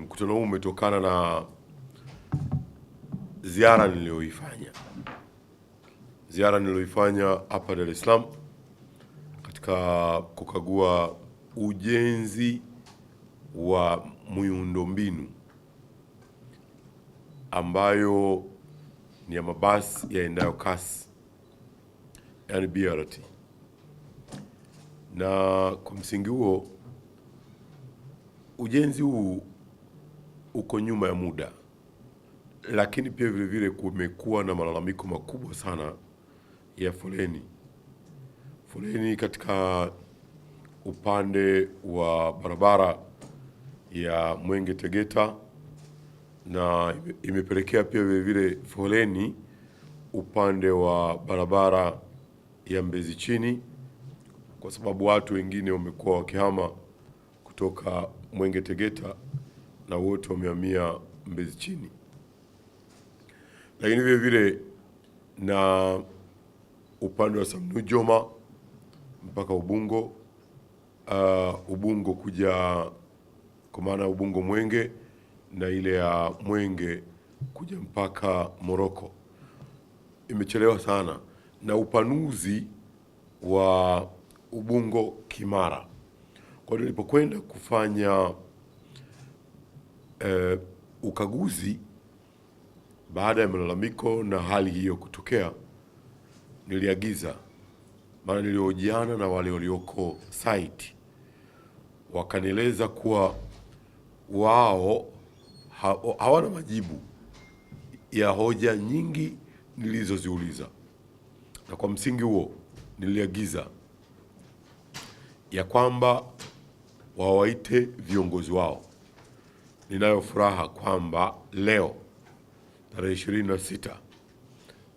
Mkutano huu umetokana na ziara niliyoifanya ziara niliyoifanya hapa Dar es Salaam katika kukagua ujenzi wa miundombinu ambayo ni ya mabasi yaendayo kasi yani BRT, na kwa msingi huo ujenzi huu uko nyuma ya muda, lakini pia vilevile kumekuwa na malalamiko makubwa sana ya foleni foleni katika upande wa barabara ya Mwenge Tegeta, na imepelekea pia vilevile foleni upande wa barabara ya Mbezi Chini, kwa sababu watu wengine wamekuwa wakihama kutoka Mwenge Tegeta na wote wamehamia Mbezi chini, lakini vile vile na upande wa Samnu Joma mpaka Ubungo, uh, Ubungo kuja kwa maana Ubungo Mwenge na ile ya Mwenge kuja mpaka Moroko imechelewa sana, na upanuzi wa Ubungo Kimara. Kwa hiyo nilipokwenda kufanya eh, ukaguzi baada ya malalamiko na hali hiyo kutokea, niliagiza maana niliojiana na wale walioko site wakanieleza kuwa wao ha, hawana majibu ya hoja nyingi nilizoziuliza, na kwa msingi huo niliagiza ya kwamba wawaite viongozi wao Ninayo furaha kwamba leo tarehe 26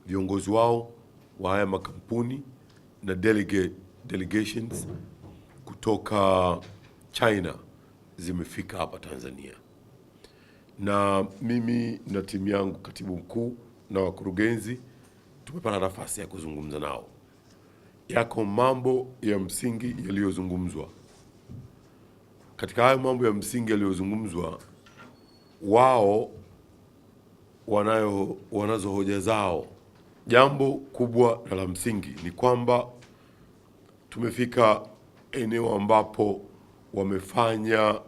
viongozi wao wa haya makampuni na delegate, delegations kutoka China zimefika hapa Tanzania, na mimi na timu yangu, katibu mkuu na wakurugenzi, tumepata nafasi ya kuzungumza nao. Yako mambo ya msingi yaliyozungumzwa. Katika hayo mambo ya msingi yaliyozungumzwa wao wanayo wanazo hoja zao. Jambo kubwa na la msingi ni kwamba tumefika eneo ambapo wamefanya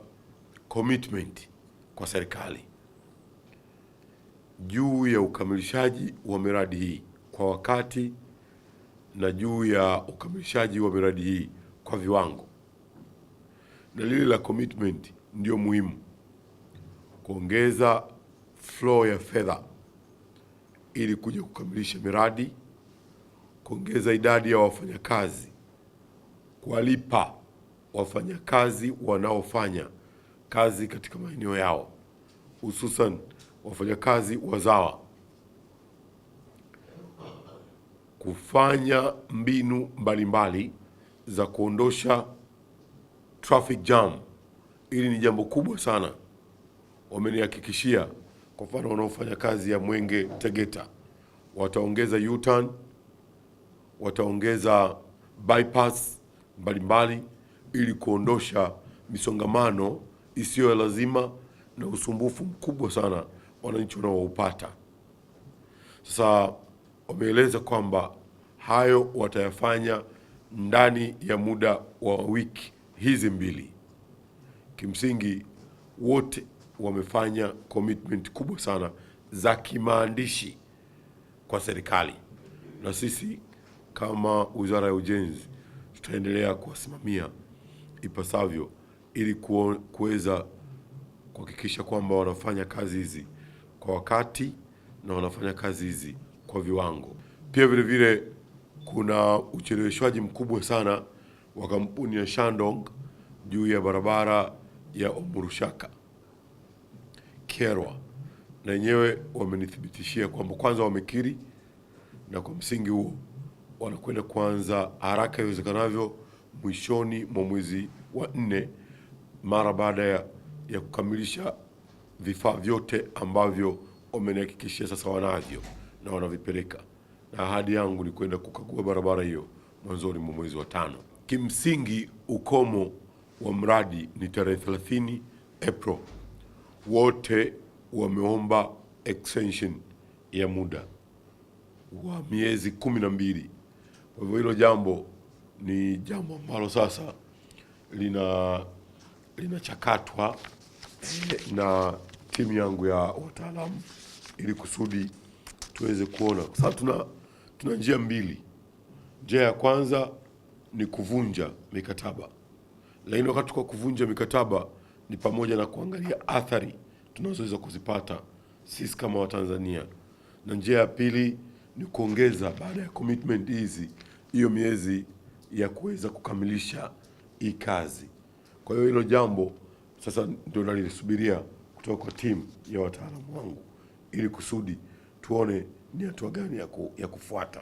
commitment kwa serikali juu ya ukamilishaji wa miradi hii kwa wakati na juu ya ukamilishaji wa miradi hii kwa viwango, na lile la commitment ndio muhimu kuongeza flow ya fedha ili kuja kukamilisha miradi, kuongeza idadi ya wafanyakazi, kuwalipa wafanyakazi wanaofanya kazi katika maeneo yao, hususan wafanyakazi wazawa, kufanya mbinu mbalimbali za kuondosha traffic jam. Hili ni jambo kubwa sana. Wamenihakikishia kwa mfano, wanaofanya kazi ya Mwenge Tegeta wataongeza U-turn, wataongeza bypass mbalimbali ili kuondosha misongamano isiyo ya lazima na usumbufu mkubwa sana wananchi wanaoupata. Sasa wameeleza kwamba hayo watayafanya ndani ya muda wa wiki hizi mbili. Kimsingi wote wamefanya commitment kubwa sana za kimaandishi kwa serikali, na sisi kama Wizara ya Ujenzi tutaendelea kuwasimamia ipasavyo ili kuweza kuhakikisha kwamba wanafanya kazi hizi kwa wakati na wanafanya kazi hizi kwa viwango. Pia vile vile kuna ucheleweshwaji mkubwa sana wa kampuni ya Shandong juu ya barabara ya Omurushaka. Kyerwa na wenyewe wamenithibitishia kwamba kwanza wamekiri na kwa msingi huo wanakwenda kuanza haraka iwezekanavyo mwishoni mwa mwezi wa nne mara baada ya, ya kukamilisha vifaa vyote ambavyo wamenihakikishia sasa wanavyo na wanavipeleka, na ahadi yangu ni kwenda kukagua barabara hiyo mwanzoni mwa mwezi wa tano. Kimsingi ukomo wa mradi ni tarehe 30 April wote wameomba extension ya muda wa miezi kumi na mbili. Kwa hivyo hilo jambo ni jambo ambalo sasa lina linachakatwa eh, na timu yangu ya wataalamu ili kusudi tuweze kuona, kwa sababu tuna, tuna njia mbili. Njia ya kwanza ni kuvunja mikataba, lakini wakati kwa kuvunja mikataba ni pamoja na kuangalia athari tunazoweza kuzipata sisi kama Watanzania, na njia ya pili ni kuongeza baada ya commitment hizi hiyo miezi ya kuweza kukamilisha hii kazi. Kwa hiyo hilo jambo sasa ndio nalisubiria kutoka kwa timu ya wataalamu wangu ili kusudi tuone ni hatua gani ya kufuata.